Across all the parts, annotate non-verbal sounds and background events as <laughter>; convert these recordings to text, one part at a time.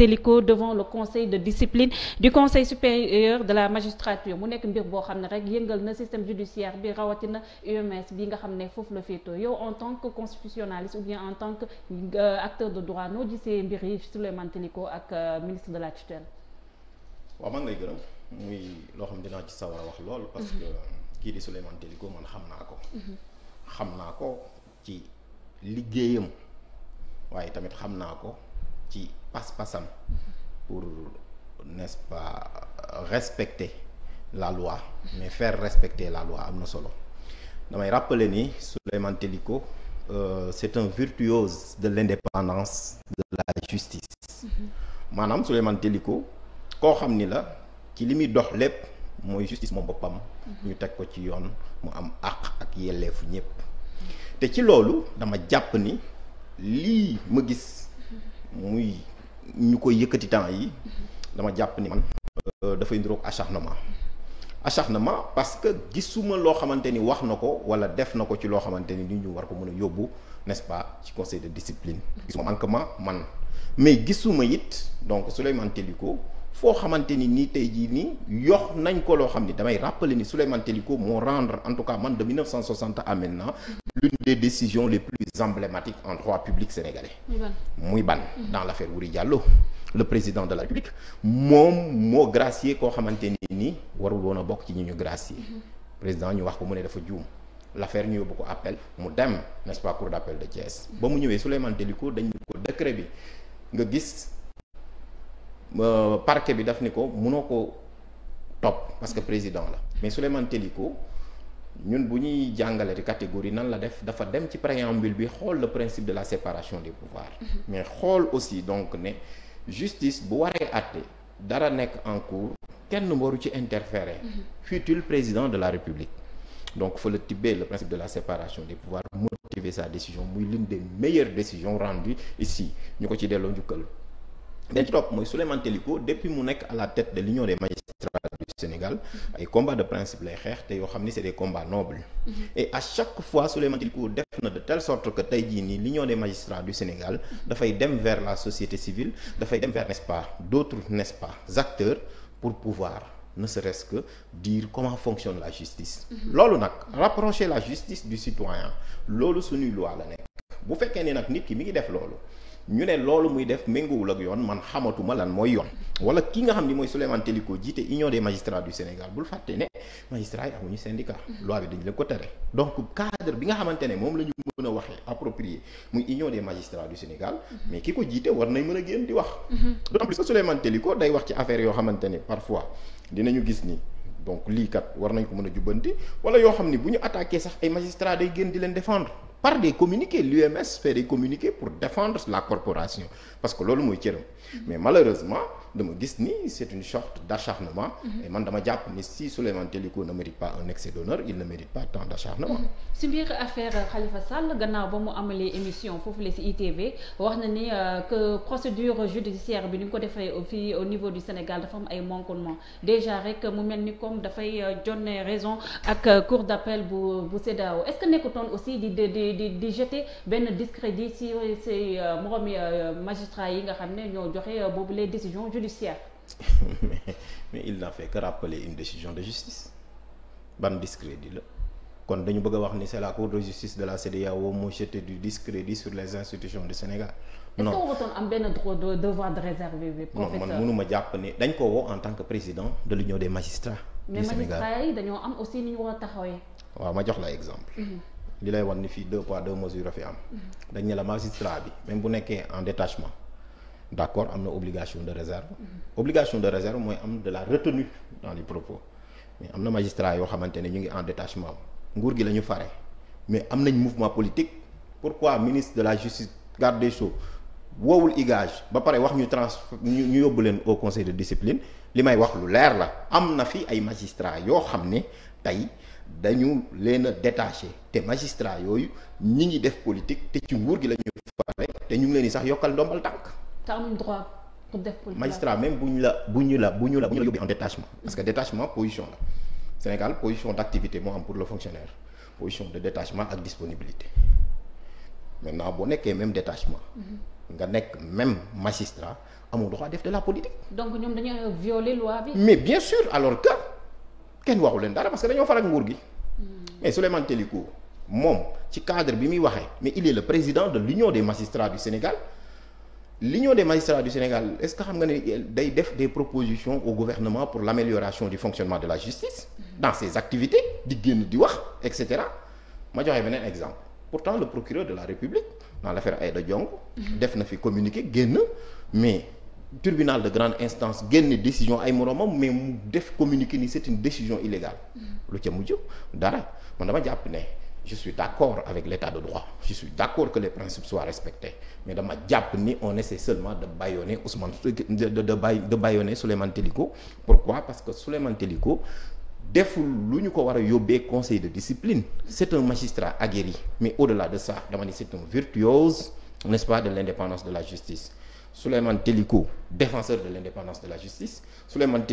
Téliko devant le conseil de discipline du conseil supérieur de la magistrature mu nekk mbir boo xam ne rek yëngal na système judiciaire bi rawatina UMS bi nga xam ne foofu la féetoo yow en tant que constitutionnaliste ou bien en tant que euh, acteur de droit noo gisee mbir yi Souleymane Téliko ak euh, ministre de la tutelle. waaw man lay gërëm muy loo xam dinaa ci sawar wax lool. parce que kii di Souleymane Téliko man xam naa ko. Mhm. xam naa ko ci liggéeyam waaye tamit xam naa ko. ci pas-pasam pour n'est-ce pas euh, respecter la loi mais faire respecter la loi am na solo damay rappeler ni Souleymane Teliko euh, c'est un virtuose de l'indépendance de la justice mm-hmm. maanaam Souleymane Teliko koo xam ni la ci li muy dox lépp mooy justice moom boppam mm-hmm. ñu teg ko ci yoon mu am àq ak yelleefu ñépp te ci loolu dama jàpp ni lii ma gis muy ñu koy yëkkati temps yi dama jàpp ni man euh, dafay indiroog acharnement acharnement parce que gisuma loo xamante ni wax na ko wala def na ko ci loo xamante ni ñu war ko mën a yóbbu n'est-ce pas ci conseil de discipline gisuma ma man mais gisuma it donc Souleymane Teliko foo xamante ni nii tey jii nii yox nañ ko loo xam ni damay rappeler ni Souleymane Teliko moo rendre en tout cas man de 1960 à maintenant l'une des décisions les plus emblématiques en droit public sénégalais muy ban mm-hmm. dans l'affaire Wuri jàlloo le président de la République moom moo gracier koo xamante ni nii warul woon a bokk ci ñu ñu gracier mm-hmm. président ñu wax ko mu ne dafa juum l'affaire ñu yóbbu ko appel mu dem n'est-ce pas cour d'appel de Thiès ba mu ñëwee Souleymane Teliko dañ ko décret nga gis Euh, parquet bi daf ni ko munoo ko topp parce que président la mais Souleymane Teliko ñun bu ñuy jàngale di catégorie nan la def dafa dem ci préambule bi xool le principe de la séparation des pouvoir mm-hmm. mais xool aussi donc ne justice bu waree àtte dara nekk en cours kenn waru ci interférer mm-hmm. fut-il président de la république donc fa la tibbee le principe de la séparation des pouvoirs motiver sa décision muy l'une des meilleures décisions rendues ici ñu ko ci delloo njukkal benn ci topp mooy Souleymane Teliko depuis mu nekk à la tête de l'union des magistrats du Sénégal ay combat de principe lay xeex te yoo xam ni c'est des combats nobles mm-hmm. et à chaque fois Souleymane Teliko def na de telle sorte que tey jii nii l'union des magistrats du Sénégal dafay dem vers la société civile dafay dem vers n'est-ce pas d'autres nest pas acteurs pour pouvoir ne serait resque que dire comment fonctionne la justice mm-hmm. loolu nag rapprocher la justice du citoyen loolu suñuy loi la nekk bu fekkee ni nag nit ki mi ngi def loolu ñu ne loolu muy def méngoowul ak yoon man xamatuma lan mooy yoon wala ki nga xam ni mooy Souleymane Téliko jiite union des magistrats du Sénégal bul fàtte ne magistrats yi amuñu syndicat loi bi dañ la ko tere donc cadre bi nga xamante ne moom la ñu mën a waxee approprié muy union des magistrats du Sénégal mais ki ko jiite war nañ mën a génn di wax mhm. d'autant plus que Souleymane Téliko day wax ci affaire yoo xamante ne parfois dinañu gis ni donc lii kat war nañ ko mën a jubbanti wala yoo xam ni bu ñu attaqué sax ay magistrats day di leen défendre par des communiqués l'UMS fait des communiqués pour défendre la corporation parce que loolu mooy cëram mais malheureusement dama gis ni c'est une sorte d'acharnement mhm. et man dama jàpp ni si Souleymane Téliko ne mérite pas un excès d'honneur il ne mérite pas tant d'acharnement mhm. si biir affaire xalifa sàll gannaaw ba mu amalee émission foofu la si ITV wax na ni euh, que procédure judiciaire bi ni ñu ko defee fii au niveau du Sénégal dafa am ay manquement déjà rek mu mel ni comme dafay euh, jonne raison ak euh, cour d'appel bu bu CEDEAO est-ce que nekkutoon aussi di di di di jeter benn discrédit si si moroomi magistrats yi nga xam ne ñoo joxe boobu les décisions judiciaire <laughs> mais, mais il n'a fait que rappeler une décision de justice ban discrédit la kon dañu bëgg a wax ni c'est la cour de justice de la CEDEAO moo jeté du discrédit sur les institutions du Sénégal. man mënuma jàpp ne dañ ko woo en tant que président de l'union des magistrats. du Sénégal mais magistrats yi dañoo am aussi ni ñu war a taxawee. waaw ma jox la exemple. Mhm. li lay wan ni fii deux poids deux mesures a fi am. Mhm. dañ ne la magistrat bi même bu nekkee en détachement. d'accord am na obligation de réserve. obligation de réserve mooy am de la retenue dans les propos mais am na magistra yoo xamante ne ñu ngi en détachement nguur gi la ñu fare mais am nañ mouvement politique pourquoi ministre de la justice garde des Sceaux woowul IGAJ ba pare wax ñu trans ñu yóbbu leen au conseil de discipline li may wax lu leer la am na fi ay magistrats yoo xam ne tey dañu leen a détaché te magistrats yooyu ñu ngi def politique te ci nguur gi la te ñu ngi leen di sax yokkal ndombal tànk. te amuñ droit pour magistrat même bu ñu la bu ñu la bu ñu la bu ñu la yóbbee en détachement parce que détachement position la Sénégal position d'activité moo am pour le fonctionnaire position de détachement ak disponibilité maintenant boo nekkee même détachement mhm. nga nekk même magistrat amul droit def de la politique. donc ñoom dañoo violer loi bi. alors que kenn leen dara parce que dañoo faral nguur gi. Hmm. mais Souleymane Téliko moom ci cadre bi muy waxee mais il est le président de l'union des magistrats du Sénégal. li l'union des magistrats du Sénégal est-ce que xam nga ne day def des propositions au gouvernement pour l'amélioration du fonctionnement de la justice dans ses activités di génn di wax et cetera ma joxe beneen exemple pourtant le procureur de la République dans l'affaire Aïda Diong def na fi communiqué génn mais tribunal de grande instance génn décision ay moromam mais mu def communiqué ni c'est une décision illégale lu ca mujj dara man dama jàpp ne je suis d'accord avec l'état de droit je suis d'accord que les principes soient respectés mais dama jàpp ni on essaie seulement de bâillonner Ousmane de de de de pourquoi parce que Souleymane Teliko deful lu ñu ko war a conseil de discipline c'est un magistrat mais au-delà de ça dama ni c'est un n'est-ce pas de l'indépendance de la justice Souleymane Teliko défenseur de l'indépendance de la justice Souleymane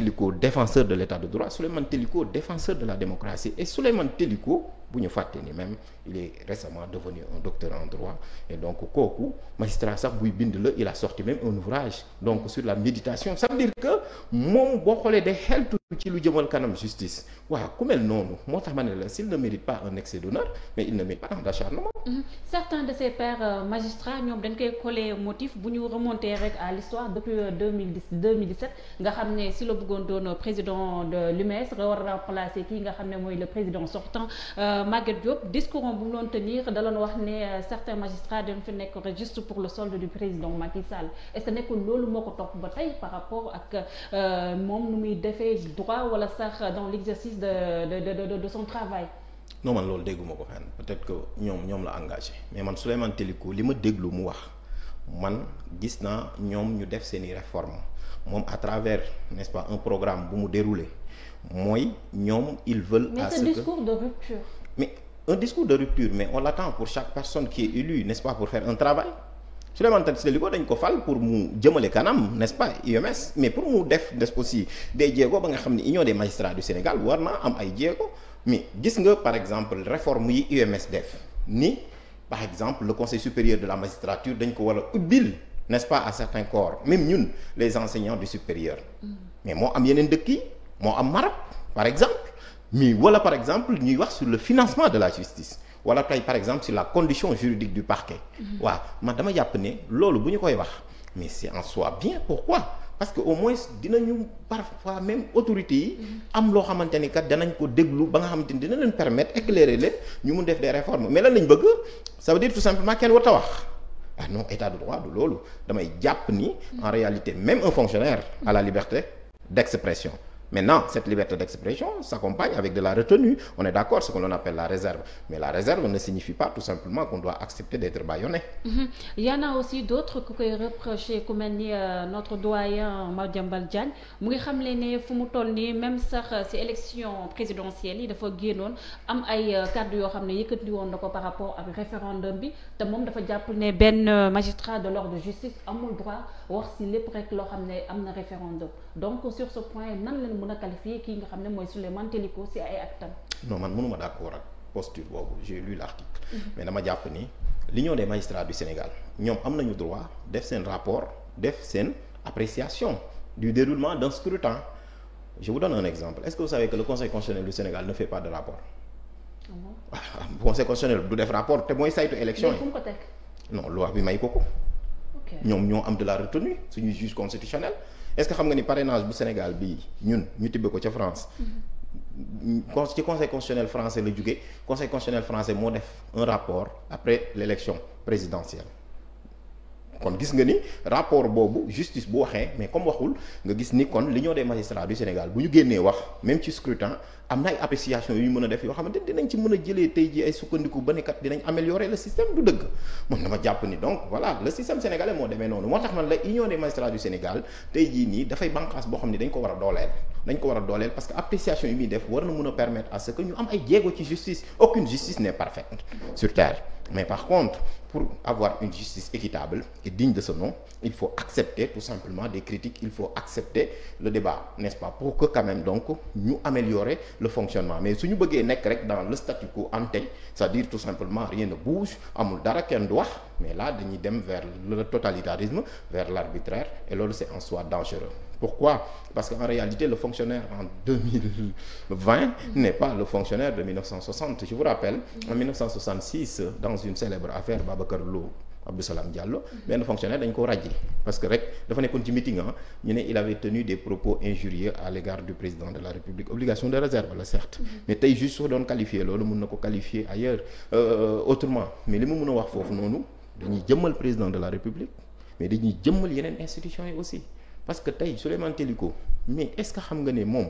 bu ñu fàttee ni même il est récemment devenu un docteur en droit et donc kooku magistrat sax buy bind la il a sorti même un ouvrage donc sur la méditation ça veut dire que moom boo xoolee day xeltu ci lu jëmal kanam justice waaw ku mel noonu moo tax ma ne la s'il ne mérite pas un excès d'honneur mais il ne mérite pas d'acharnement mhm. certains de ses pairs euh, magistrats ñoom dañ koy coller motif bu ñu remonter rek à l'histoire depuis euh, nga xam ne si la bëggoon doon président bu mu doon tenir da doon wax ne euh, certains ko topp ba tey par rapport ak euh, la engagé mais man Souleymane Téliko ma déglu mu wax man ñoom ñu def seeni réforme moom à travers nest mu déroulé mooy ñoom ils veulent. à ce discours de rupture. mais un discours de rupture mais on l'attend pour chaque personne qui est élue n'est-ce pas pour faire un travail Souleymane Tanor Sow dañ ko fal pour mu jëmale kanam n'est-ce pas UMS mais pour mu def des aussi des jéego ba nga xam ne Union des magistrats du Sénégal war naa am ay jéego mais gis nga par exemple réforme yi UMS def ni par exemple le conseil supérieur de la magistrature dañ ko war a ubbil n'est-ce pas à certains corps même ñun les enseignants du supérieur mm. mais moo am yeneen dëkk moo am Maroc par exemple mais wala par exemple ñuy wax sur le financement de la justice wala tey par exemple sur la condition juridique du parquet. Mhm. waaw man dama jàpp ne loolu bu ñu koy wax mais c'est en soi bien pourquoi parce que au moins dinañu parfois même autorités yi. Mhm. am loo xamante ni kat danañ ko déglu ba nga xamante ni dina leen permettre éclairer leen ñu mun def des réformes mais lan lañ bëgg ça veut dire tout simplement kenn warut a wax. ah non état de droit du loolu damay jàpp ni en mhm. réalité même un fonctionnaire a la liberté Maintenant, cette liberté d'expression s'accompagne avec de la retenue. On réserve. Mais la réserve ne signifie pas tout simplement qu'on doit accepter d'être bâillonné. Mmh. ni notre mu ngi xamle ne fu mu toll nii même sax ci euh, élection présidentielle yi dafa génnoon am ay euh, kàddu yoo xam ne yëkkati woon na ko par rapport ak référendum bi te moom dafa jàpp ne benn euh, magistrat de l'ordre de justice amul droit wax ci lépp rek loo xam ne am na référendum donc sur ce point nan lañ mën a qualifier kii nga xam ne mooy Souleymane Téliko si ay actam non man mënuma d'accord ak posture boobu j'ai lu l'article mhm. mais dama jàpp ni li l'union des magistrats du Sénégal ñoom am nañu droit def seen rapport def seen appréciation du déroulement d'un scrutin je vous donne un exemple est-ce que vous savez que le conseil constitutionnel du Sénégal ne fait pas de rapport ah <laughs> conseil constitutionnel du def rapport te mooy saytu élection yi no loi bi may ko ko ñoom ñoo am de la retenue suñuy juge constitutionnel est-ce que xam nga ni parrainage bu Sénégal bii ñun ñu tibbee ko ca France. Mm-hmm. ci conseil constitutionnel français la jóge conseil constitutionnel français moo def un rapport après l'élection présidentielle. kon gis nga ni rapport boobu justice bu waxee mais comme waxul nga gis ni kon l'union des magistrats du Sénégal bu ñu génnee wax même ci scrutin am na ay appréciation yu ñu mën a def yoo xamante dinañ ci mën a jëlee tey ji ay sukkandiku ba ne kat dinañ améliorer le système du dëgg moom dama jàpp ni donc voilà le système sénégalais moo demee noonu moo tax man la union des magistrats du Sénégal tey jii nii dafay bànqaas boo xam ne dañ ko war a dooleel dañ ko war a dooleel que appréciation yi muy def war na que ñu am ay jéego ci justice mais par contre pour avoir une justice équitable et digne de ce nom il faut accepter tout simplement des critiques il faut accepter le débat n'est-ce pas pour que quand même donc ñu améliorer le fonctionnement mais su ñu bëggee nekk rek dans le statu quo ante c'est-à-dire tout simplement rien ne bouge amul dara kenn du wax mais là dañuy dem vers le totalitarisme vers l'arbitraire et loolu c'est en soi dangereux Pourquoi? Parce qu'en réalité, le fonctionnaire en 2020 n'est pas le fonctionnaire de 1960. Je vous rappelle, en 1966, dans une célèbre affaire Babacar Lo Abdou Salam Diallo benn fonctionnaire dañ ko radier parce que rek dafa nekkoon ci meeting ah, ñu ne il avait tenu des propos injurieux à l'égard du président de la République obligation de réserve la certes mm-hmm. mais tey juste su doon qualifier loolu mun na ko qualifier ailleurs euh, autrement mais li mu mun a wax foofu noonu dañuy jëmmal président de la République mais dañuy jëmmal parce que tey Souleymane Téliko mais est-ce que xam nga ne moom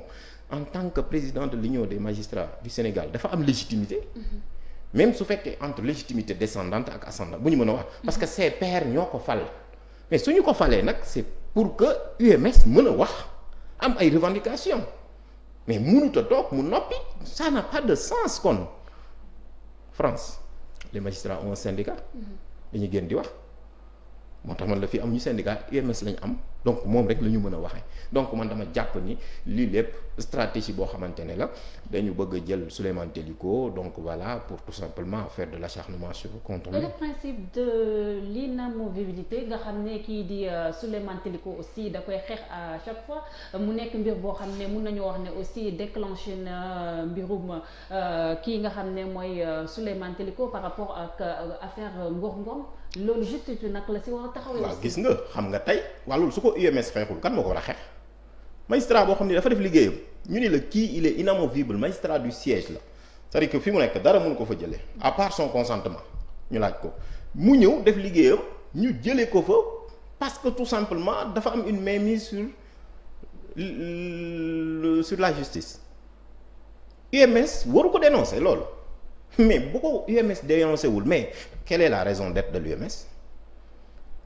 en tant que président de l'union des magistrats du Sénégal dafa am légitimité mm-hmm. même su fekkee entre légitimité descendante ak ascendante bu ñu mën a wax parce que ses pairs ñoo ko fal mais su ñu ko falee nag c'est pour que UMS mën a wax am ay revendications mais mënut a toog mu noppi ça pas de sens kon France les magistrats ont un syndicat mm-hmm. dañu gën di wax moo tax man la fi am ñu syndicat UMS lañ am donc moom rek la ñu mën a waxee donc man dama jàpp ni lii lépp stratégie boo xamante ne la dañu bëgg a jël Souleymane Téliko donc voilà pour tout simplement faire de l'acharnement sur contre le principe de l'inamovibilité nga xam ne kii di euh, Souleymane Téliko aussi da koy xeex à chaque fois mu nekk mbir boo xam ne mun nañu wax ne aussi déclenché na euh, mbirum euh, kii nga xam ne mooy Souleymane Téliko par rapport ak affaire Ngor Ngom loolu justice nag a gis nga xam nga tey waa loolu su ko UMS xeexul kan moo ko war a xeex magistrat boo xam ne dafa def liggéeyam ñu ni la kii il est inamovible magistrat du siège la cest à que fi mu nekk dara mënu ko fa jëlee à part son consentement ñu laaj ko mu ñëw def liggéeyam ñu jëlee ko fa parce que tout simplement dafa am une mainmise sur sur la justice UMS waru ko dénoncer loolu. mais bu ko UMS dénoncé wul mais quelle est la raison d'être de l'UMS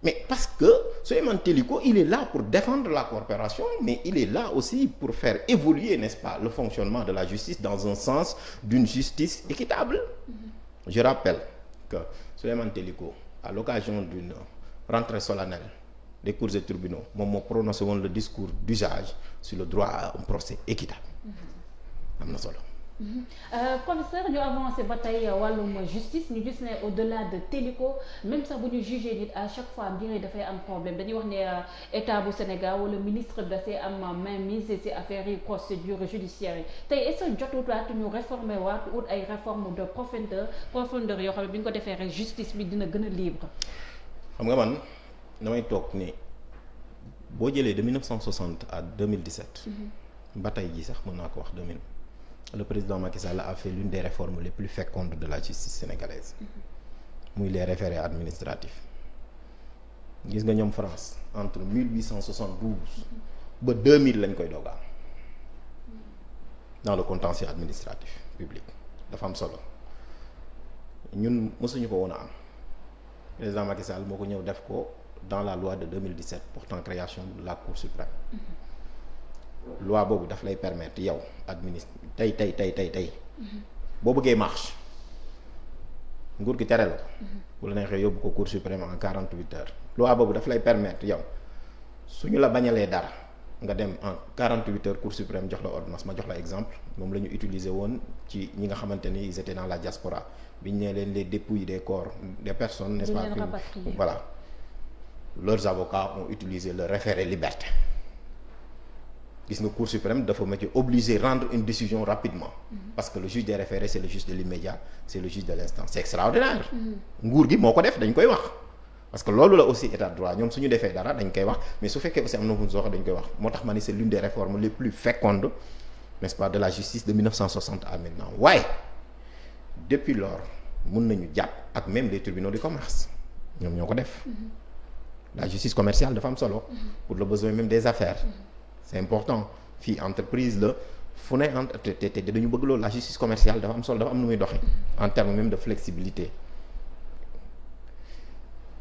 mais parce que Souleymane Teliko il est là pour défendre la coopération mais il est là aussi pour faire évoluer n'est-ce pas le fonctionnement de la justice dans un sens d'une justice équitable mm-hmm. je rappelle que Souleymane Teliko à l'occasion d'une rentrée solennelle des cours et tribunaux moom moo prononcé woon le discours d'usage sur le droit à un procès équitable mm-hmm. Mm-hmm. Euh, professeur ñu avancé ba tey wàllum justice ñu gis ne au-delà de Télico même sax bu ñu jugé nit à chaque fois mbir yi dafay am problème dañuy wax ne euh, état bu Sénégal wala ministre dafay am mainmise ci affaires yi procédure judiciaire yi tey est-ce que jotuwaat ñu réformer waat ut ay réforme de profondeur profondeur yoo xam ne bi ñu ko defee rek justice bi dina gën a libre. xam nga man damay toog ni boo jëlee de 1960 à 2017. Mm-hmm. ba tey jii sax mën naa ko wax 2000. le président Macky Sall a fait l'une des réformes les plus fécondes de la justice sénégalaise mm-hmm. muy les référés administratifs gis nga ñoom France entre 1872 ba 2000 lañ koy doogaan dans le contentieux administratif publique dafa am solo ñun mësuñu ko woon a am président Macky Sall moo ko ñëw def ko dans la loi de 2017 portant création de la Cour suprême mm-hmm. loi boobu daf lay permettre yow administre tey tey tey tey tey boo bëggee marche nguur gi tere la ko bu la neexee yóbbu ko cour suprême en quarante huit heures loi boobu daf lay permettre yow su ñu la bañalee dara nga dem en quarante huit heures cour jox la ordonnance ma jox la exemple moom la ñu utiliser woon ci ñi nga xamante ni ils étaient dans la diaspora bi ñu nee leen les dépouilles des corps des personne n'est-ce pas voilà leurs avocats ont utilisé le référé liberté gis nga cour suprême dafa ma ci obligé rendre une décision rapidement mhm. parce que le juge des référés c'est le juge de l'immédiat c'est le juge de l'instant extraordinaire mhm. nguur gi moo ko def dañ koy wax parce que loolu la aussi état de droit ñoom suñu defee dara dañ koy wax mais su fekkee aussi am na fu ñu soxla dañ koy wax moo tax ma ne c'est l'une des réformes les plus fécondes n'est-ce pas de la justice de 1960 maintenant waaye depuis lors mun nañu jàpp ko def mhm. la justice am solo pour le besoin même c'est important fii entreprise la fu ne entre te te dañu bëgg loolu la justice commerciale dafa am solo dafa am nu muy doxee en terme même de flexibilité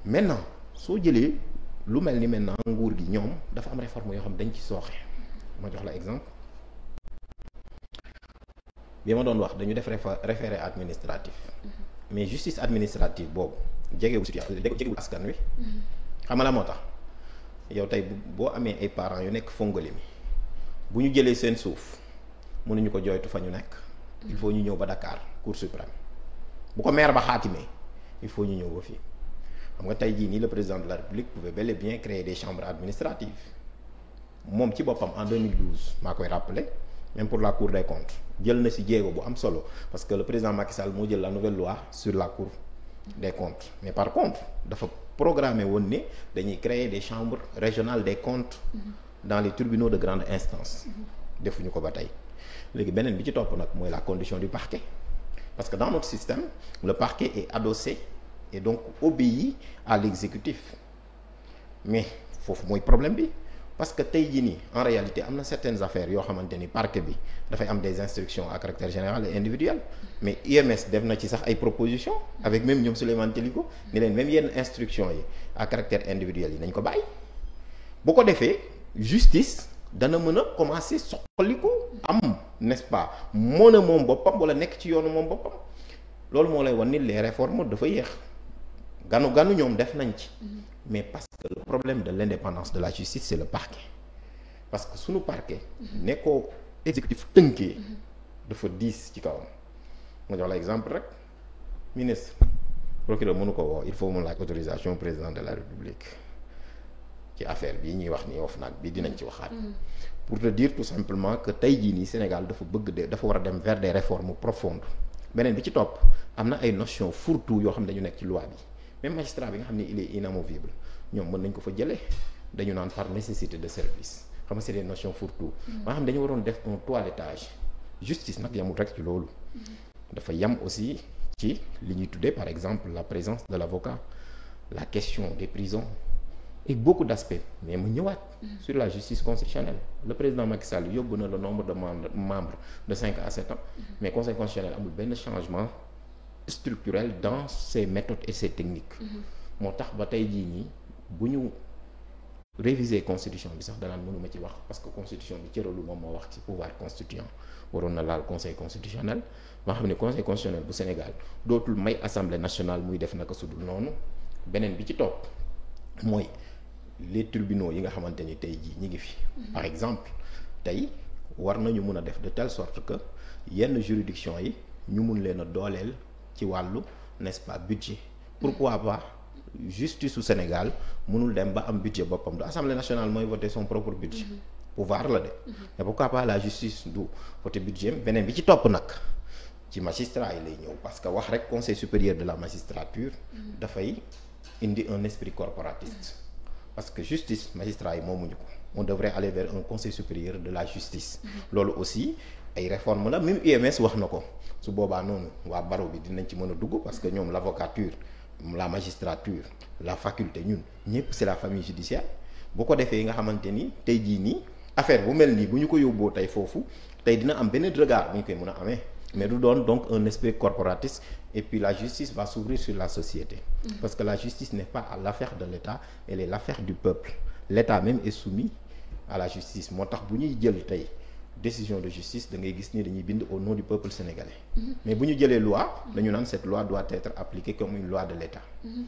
maintenant soo jëlee lu mel ni maintenant nguur gi ñoom dafa am réforme yoo xam dañ ci sooxe ma jox la exemple bi ma doon wax dañu def référé administratif mm-hmm. mais justice administrative boobu jegewul situation jegewul askan wi mm-hmm. xam nga la moo tax yow tey boo amee ay parents yu nekk Fongolim bu ñu jëlee seen suuf mënuñu ko jooytu fa ñu nekk il faut ñu ñëw ba dakaar Cour suprême bu ko maire ba xaatimee il faut ñu ñëw ba fii xam nga tey jii nii la président de la République pouvait bel et bien créer des chambres administratives moom ci boppam en 2012 maa koy rappelé même pour la Cour des comptes jël na si jéego bu am solo parce que le président Macky Sall moo jël la nouvelle loi sur la Cour des comptes mais par contre dafa programme woon ni dañuy créer des chambres régionales des comptes dans les tribunaux de grande instance defuñu ko ba tey léegi beneen bi ci topp nag mooy la condition du parquet parce que dans notre système le parquet est adossé et donc obéit à l'exécutif mais foofu mooy problème bi parce que tey jii nii en réalité am na certaines affaires yoo xamante ni parquet bi dafay am des instructions à caractère général et individuel mais UMS def na ci sax ay proposition avec même ñoom Souleymane ko ni leen même yenn instructions yi à caractère individuel yi nañ ko bàyyi bu ko defee justice dana mën a commencer soqaliku am n'est-ce pas moom boppam wala nekk ci yoonu moom boppam loolu moo lay wan ni les réformes dafa yéex ganu ganu ñoom def nañ ci mm-hmm. mais parce que le problème de l'indépendance de la justice c'est le parquet parce que sunu parquet nekkoo ko exécutif tënkee dafa diis ci kawam ma jox la exemple rek ministre procureur mënu ko woo il faut mu laaj autorisation président de la république ci affaire bii ñuy wax ni of nag bi dinañ ci waxaat mm-hmm. pour te dire tout simplement que tey jii nii Sénégal dafa bëgg de dafa war a dem vers des réformes profondes beneen bi ci topp am na ay notions fourre-tout yoo xam ne dañu nekk ci loi bi même magistrat bi nga xam ne il est inamovible ñoom mën nañ ko fa jëlee dañu naan par nécessité de service xam nga c'est des notions fourre-tout mm-hmm. maa xam dañu waroon def un toilettage justice nag yamul rek ci loolu mm-hmm. dafa yam aussi ci li ñuy tuddee par exemple la présence de l'avocat la question des prisons et beaucoup d'aspects mais mu ñëwaat mm-hmm. sur la justice constitutionnelle le président Macky Sall yóbbu na le nombre de membres de cinq à sept ans mais conseil constitutionnel amul benn changement structurel dans ses méthodes et ses techniques mm-hmm. moo tax ba tey jii nii bu ñu réviser constitution bi sax danaan mënuma ci wax parce que constitution bi cëralu moom moo wax ci pouvoir constituant waroon na laal conseil constitutionnel ma xam ne conseil constitutionnel bu Sénégal dootul may assemblée nationale muy def naka sudul noonu beneen bi ci topp mooy les yi nga xamante ni tey jii ñi ngi fi mm-hmm. par exemple tey war nañu mun a def de telle sorte que yenn juridiction yi ñu mun leen a dooleel ci wàllu n'est-ce pas budget pourquoi pas justice su Sénégal mënul dem ba am budget boppam du assemblée nationale mooy voter son propre budget mm-hmm. pouvoir la de mm-hmm. mais pourquoi pas la justice du voter budget beneen bi ci topp nag ci magistrat yi lay ñëw parce que wax rek conseil supérieur de la magistrature mm-hmm. dafay indi un esprit corporatiste parce que justice magistrat yi moomuñu ko on devrait aller vers un conseil supérieur de la justice loolu aussi a réforme la même UMS wax na ko su boobaa noonu waa barreau bi dinañ ci mën a dugg parce que ñoom la l'avocature la magistrature la faculté ñun ñëpp c'est la famille judiciaire bu ko defee nga xamante ni tey jii nii affaire bu mel nii bu ñu ko yóbboo tey foofu tey dina am benn regard bu ñu koy mën a amee mais du doon donc un aspect corporatiste et puis la justice va s'ouvrir sur la société mm. parce que la justice n'est pas l'affaire de l'État elle est l'affaire du peuple l'État même est soumis à la moo tax bu ñuy jël tey décision de justice da gis ni dañuy bind au nom du peuple sénégalais. Mm-hmm. mais bu ñu jëlee loi. Mm-hmm. dañu naan cette loi doit être appliquée comme une loi de l'État. Mm-hmm.